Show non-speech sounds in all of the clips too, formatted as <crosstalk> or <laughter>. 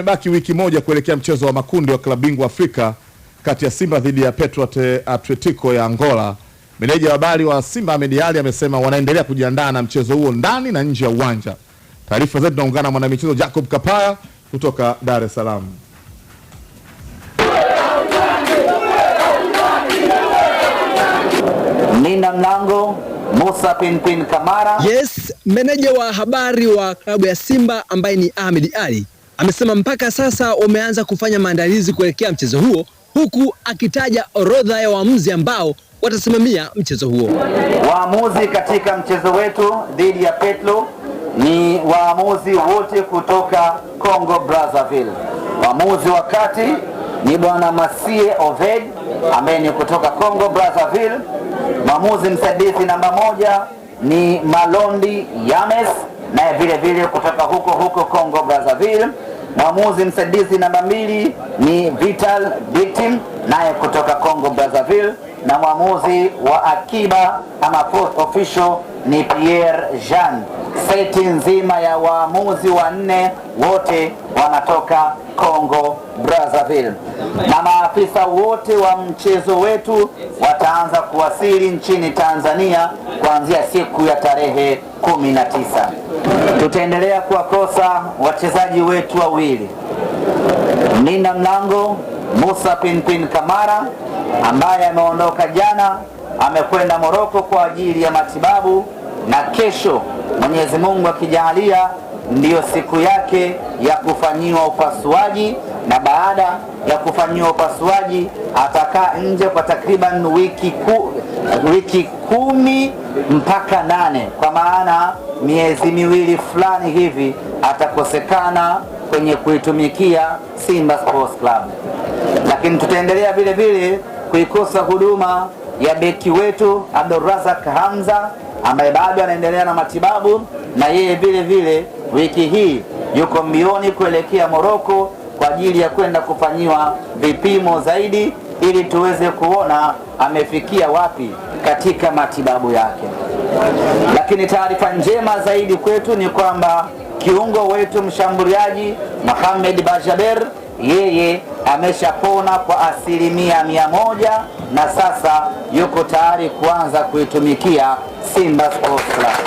imebaki wiki moja kuelekea mchezo wa makundi wa klabu bingwa Afrika kati ya Simba dhidi ya Petro Atletico ya Angola. Meneja wa habari wa Simba Ahmed Ali amesema wanaendelea kujiandaa na mchezo huo ndani na nje ya uwanja. Taarifa zetu tunaungana na mwanamichezo Jacob Kapaya kutoka Dar es Salaam. Mlinda mlango Musa Pinpin Kamara. Yes, meneja wa habari wa klabu ya Simba ambaye ni Ahmed Ali Amesema mpaka sasa wameanza kufanya maandalizi kuelekea mchezo huo, huku akitaja orodha ya waamuzi ambao watasimamia mchezo huo. Waamuzi katika mchezo wetu dhidi ya Petlo ni waamuzi wote kutoka Congo Brazzaville. Waamuzi wa kati ni bwana Masie Oved ambaye ni kutoka Congo Brazzaville. Mwamuzi msaidizi namba moja ni Malondi Yames naye vile vile kutoka huko huko Congo Brazzaville. Mwamuzi msaidizi namba mbili ni Vital Victim naye kutoka Congo Brazzaville, na mwamuzi wa akiba ama fourth official ni Pierre Jean. Seti nzima ya waamuzi wanne wote wanatoka Congo Brazzaville, na maafisa wote wa mchezo wetu wataanza kuwasili nchini Tanzania kuanzia siku ya tarehe kumi na tisa. Tutaendelea kuwakosa wachezaji wetu wawili, nina mlango Musa Pinpin Kamara ambaye ameondoka jana, amekwenda Moroko kwa ajili ya matibabu, na kesho Mwenyezi Mungu akijalia ndiyo siku yake ya kufanyiwa upasuaji na baada ya kufanyiwa upasuaji atakaa nje kwa takriban wiki, ku, wiki kumi mpaka nane kwa maana miezi miwili fulani hivi atakosekana kwenye kuitumikia Simba Sports Club, lakini tutaendelea vile vile kuikosa huduma ya beki wetu Abdulrazak Hamza ambaye bado anaendelea na matibabu, na yeye vile vile wiki hii yuko mbioni kuelekea Moroko kwa ajili ya kwenda kufanyiwa vipimo zaidi ili tuweze kuona amefikia wapi katika matibabu yake. Lakini taarifa njema zaidi kwetu ni kwamba kiungo wetu mshambuliaji Mohamed Bajaber yeye ameshapona kwa asilimia mia moja na sasa yuko tayari kuanza kuitumikia Simba Sports Club.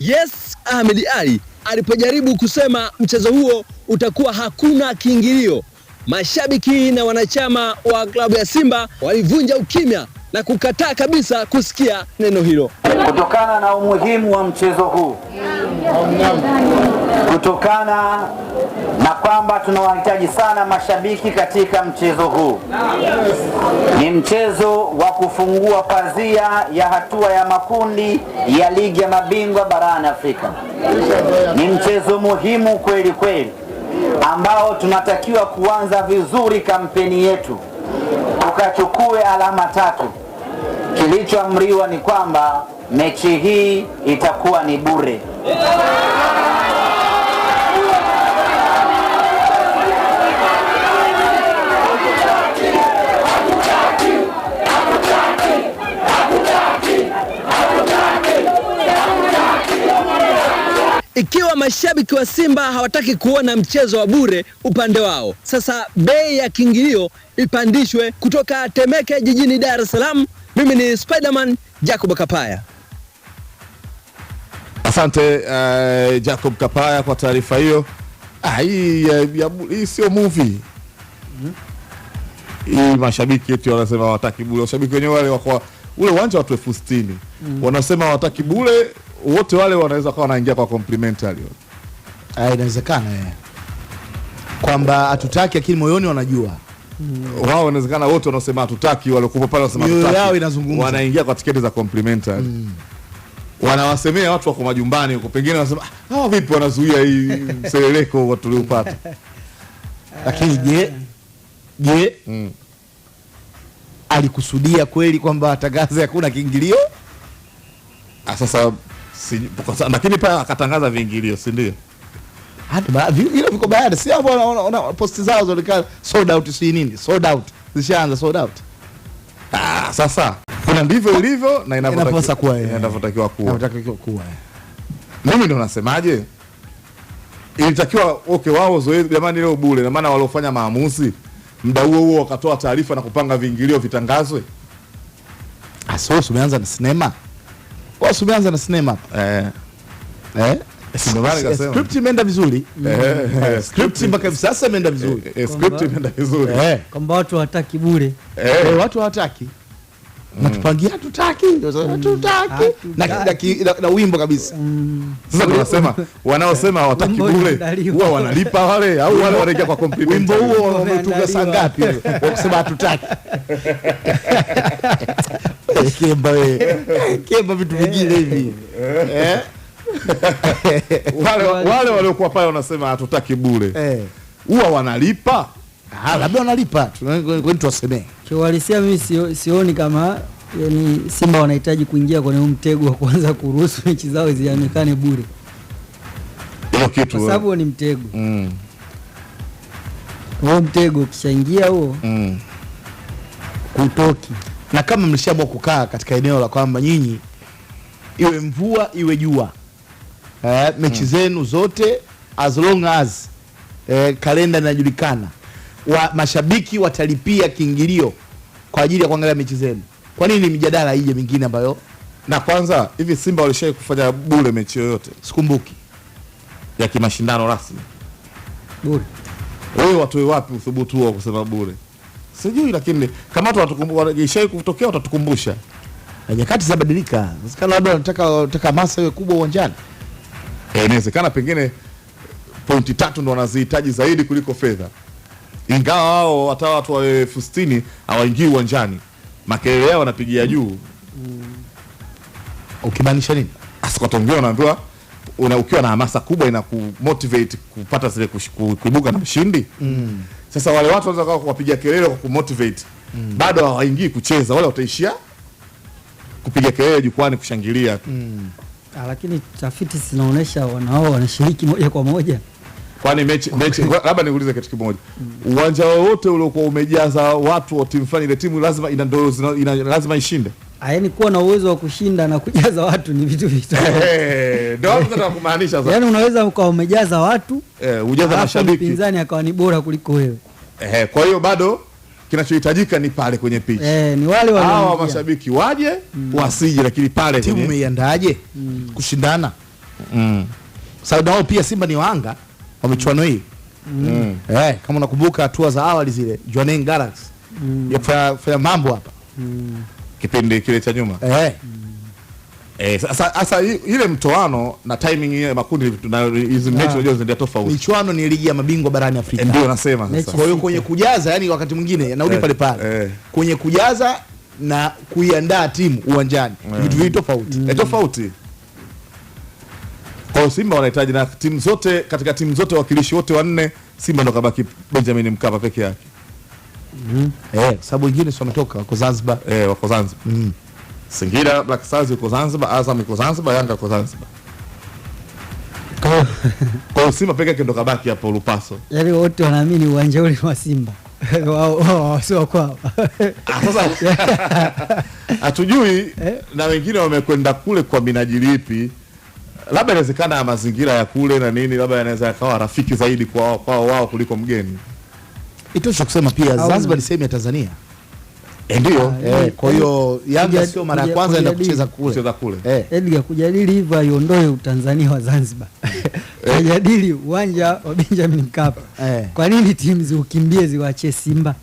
Yes, Ahmed ali alipojaribu kusema mchezo huo utakuwa hakuna kiingilio, mashabiki na wanachama wa klabu ya Simba walivunja ukimya na kukataa kabisa kusikia neno hilo kutokana na umuhimu wa mchezo huu kutokana na kwamba tunawahitaji sana mashabiki katika mchezo huu. Ni mchezo wa kufungua pazia ya hatua ya makundi ya ligi ya mabingwa barani Afrika. Ni mchezo muhimu kweli kweli ambao tunatakiwa kuanza vizuri kampeni yetu tukachukue alama tatu. Kilichoamriwa ni kwamba mechi hii itakuwa ni bure. Ikiwa mashabiki wa Simba hawataki kuona mchezo wa bure upande wao, sasa bei ya kiingilio ipandishwe. Kutoka Temeke jijini Dar es Salaam, mimi ni Spiderman Jacob Kapaya. Asante uh, Jacob Kapaya kwa taarifa hiyo. Ah, hii eh, hii sio movie hmm? hii. Mashabiki eti wanasema wataki bure, washabiki wenyewe wale wako ule uwanja watu elfu sitini mm. wanasema wataki bure, wote wale wanaweza kuwa wanaingia kwa complimentary. Ah, inawezekana eh, kwamba hatutaki lakini moyoni wanajua mm. wao, inawezekana wote wanaosema hatutaki waliokuwa pale wanasema hatutaki, yao inazungumza, wanaingia kwa tiketi za complimentary mm wanawasemea watu wako majumbani huko, pengine wanasema ah, hawa vipi wanazuia hii mseleleko tuliopata. <laughs> Lakini je, je, mm. alikusudia kweli kwamba atangaze hakuna kiingilio? Ah, sasa lakini pia akatangaza viingilio, si ndio? Vile viko bayana, si hapo posti zao zilikaa sold out, si nini, sold out, zishaanza sold out. Ah, sasa kuna ndivyo ilivyo na inavyotakiwa eh. kuwa. inavyotakiwa kuwa. Eh. Mimi ndo nasemaje, ilitakiwa okay, wao zoezi jamani leo bure, na maana waliofanya maamuzi muda huo huo wakatoa taarifa na kupanga viingilio vitangazwe. Aso ah, umeanza na sinema, wao umeanza na sinema eh eh, eh Script imeenda vizuri, script mpaka hivi sasa imeenda vizuri, script imeenda vizuri kwamba watu hawataki bure, watu hawataki natupangia tutaki tutaki na mm. na, na, na wimbo kabisa. mm. Sasa tunasema wanaosema hawataki bure huwa wanalipa wale, au wale wanaingia kwa compliment. Wimbo huo wametunga saa ngapi wa kusema hatutaki? Kemba we eh, Kemba, vitu vingine hivi eh. Eh? wale waliokuwa pale wanasema hatutaki bure huwa wanalipa, ah, labda wanalipa, kwani tuwasemee Kiuhalisia mimi sio, sioni kama yani Simba wanahitaji kuingia kwenye huu mtego wa kuanza kuruhusu mechi zao zionekane bure kwa sababu ni mtego mm. Huo mtego ukishaingia huo mm. kutoki, na kama mlishaamua kukaa katika eneo la kwamba nyinyi, iwe mvua iwe jua eh, mechi mm. zenu zote as long as eh, kalenda inajulikana wa, mashabiki watalipia kiingilio kwa ajili ya kuangalia mechi zenu? Kwa nini mijadala ije mingine ambayo na kwanza hivi Simba walishai kufanya bure mechi yoyote? Sikumbuki ya kimashindano rasmi bure. Wewe watoe wapi uthubutu huo kusema bure? Sijui, lakini kama watu watakumbuka kutokea, watatukumbusha. Nyakati zabadilika, inawezekana labda wanataka wanataka masa iwe kubwa uwanjani, eh, inawezekana pengine pointi tatu ndo wanazihitaji zaidi kuliko fedha ingawa wao hata watu wa elfu sitini hawaingii uwanjani, makelele yao wanapigia juu. Ukimaanisha nini? Asikotongia unaambiwa una, ukiwa na hamasa kubwa ina kupata zile kuibuka na mshindi mm. Sasa wale watu wanaweza kuwapiga kelele kwa kumotivate mm. Bado hawaingii kucheza, wale wataishia kupiga kelele jukwani kushangilia mm. Ah, lakini tafiti zinaonyesha wanao wanashiriki moja kwa moja Kwani mechi mechi, labda niulize kitu kimoja, uwanja wowote uliokuwa umejaza watu wa timu fulani, ile timu lazima ina ndio ina, lazima ishinde. Yaani kuwa na uwezo wa kushinda na kujaza watu ni vitu vitofauti. <laughs> Eh, ndio nataka kumaanisha sasa. Yaani unaweza ukawa umejaza watu eh, ujaza mashabiki, mpinzani akawa ni bora kuliko wewe eh, kwa hiyo bado kinachohitajika ni pale kwenye pichi eh, ni wale wale hawa mashabiki waje mm, wasije, lakini pale timu imeiandaje mm, kushindana mm. Sababu nao pia Simba ni wanga wa michuano hii mm. Eh, kama unakumbuka hatua za awali zile Jwaneng Galaxy mm. ya kufanya kufanya mambo hapa mm. kipindi kile cha nyuma eh. Mm. Eh, sasa sasa ile mtoano na timing ile makundi na hizo ah. mechi unajua zinaenda tofauti. Michuano ni ligi ya mabingwa barani Afrika. Eh, ndio nasema sasa. Kwa hiyo kwenye kujaza yani wakati mwingine narudi eh, pale pale. Eh. Kwenye kujaza na kuiandaa timu uwanjani vitu vili tofauti. Ni mm. tofauti. Kwa Simba wanahitaji na timu zote, katika timu zote wakilishi wote wanne, Simba ndo kabaki Benjamin Mkapa peke yake mm. Eh, sababu wengine wametoka wako Zanzibar eh, wako Zanzibar mm. singira Black Stars yuko Zanzibar, Azam yuko Zanzibar, Yanga yuko Zanzibar. Kwa Simba peke yake ndo kabaki hapo Lupaso. Yaani wote wanaamini uwanja ule wa Simba. <laughs> Wao sio ah, Sasa <laughs> hatujui eh? na wengine wamekwenda kule kwa minajili ipi? labda inawezekana mazingira ya kule na nini labda yanaweza yakawa rafiki zaidi kwa kwao wao kuliko mgeni. Itosha kusema pia Zanzibar ni sehemu ya Tanzania. Eh, ndio, eh, kwa hiyo Yanga sio mara ya kwanza enda kucheza kule. Kucheza kule. Edgar eh. kujadili hivyo aiondoe utanzania wa Zanzibar. <laughs> Kujadili uwanja wa Benjamin Mkapa. Kwa nini timu ziukimbie ziwaache Simba?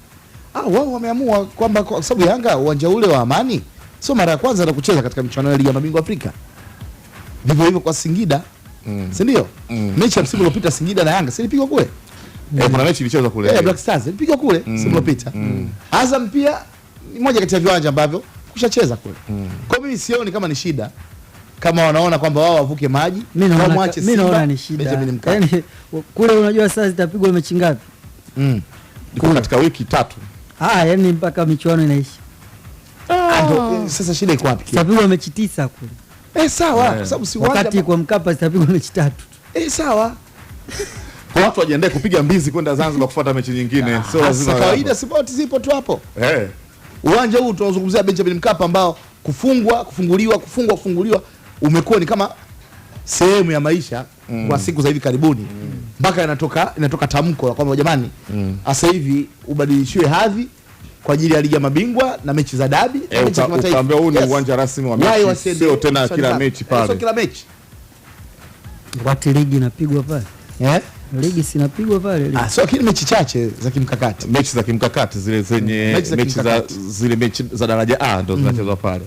Ah, wao wameamua kwamba kwa sababu Yanga uwanja ule wa Amani sio mara ya kwanza enda kucheza katika michuano ya Ligi ya Mabingwa Afrika vivyo hivyo kwa Singida mm. si ndio? mm. mechi ya msimu uliopita Singida na Yanga silipigwa kule mm. eh, kuna mechi ilichezwa kule eh, Black Stars ilipigwa kule mm. msimu uliopita mm. Azam pia ni moja kati ya viwanja ambavyo kushacheza kule mm. kwa mimi sioni kama ni shida kama wanaona kwamba wao wavuke maji, mimi naona mwache Simba, mimi naona ni shida yani, kule unajua sasa zitapigwa mechi ngapi? mm. katika wiki tatu ah, yani mpaka michuano inaisha. Ah, Ando, ah. sasa shida iko wapi? Zitapigwa mechi tisa kule eh, sawa yeah. Kwa sababu si wakati kwa Mkapa zitapigwa mechi tatu eh, sawa kwa watu wajiandae kupiga mbizi kwenda Zanzibar kufuata mechi nyingine, ah, sio lazima kawaida. Spoti zipo tu hapo eh Uwanja huu tunazungumzia Benjamin Mkapa ambao kufungwa kufunguliwa kufungwa kufunguliwa umekuwa ni kama sehemu ya maisha mm. kwa siku za hivi karibuni mm. mpaka mm. inatoka, inatoka tamko la kwamba jamani, mm. asa hivi ubadilishiwe hadhi kwa ajili ya ligi ya mabingwa na mechi za dabi e, na eh, mechi za kimataifa. huu ni uwanja rasmi wa mechi, sio tena eh, kila mechi pale, sio kila mechi wati ligi inapigwa pale yeah? Ligi sinapigwa pale ah, so kile mechi chache za kimkakati, mechi za kimkakati zile zenye mechi za zile mechi za daraja A ndo zinachezwa mm. pale.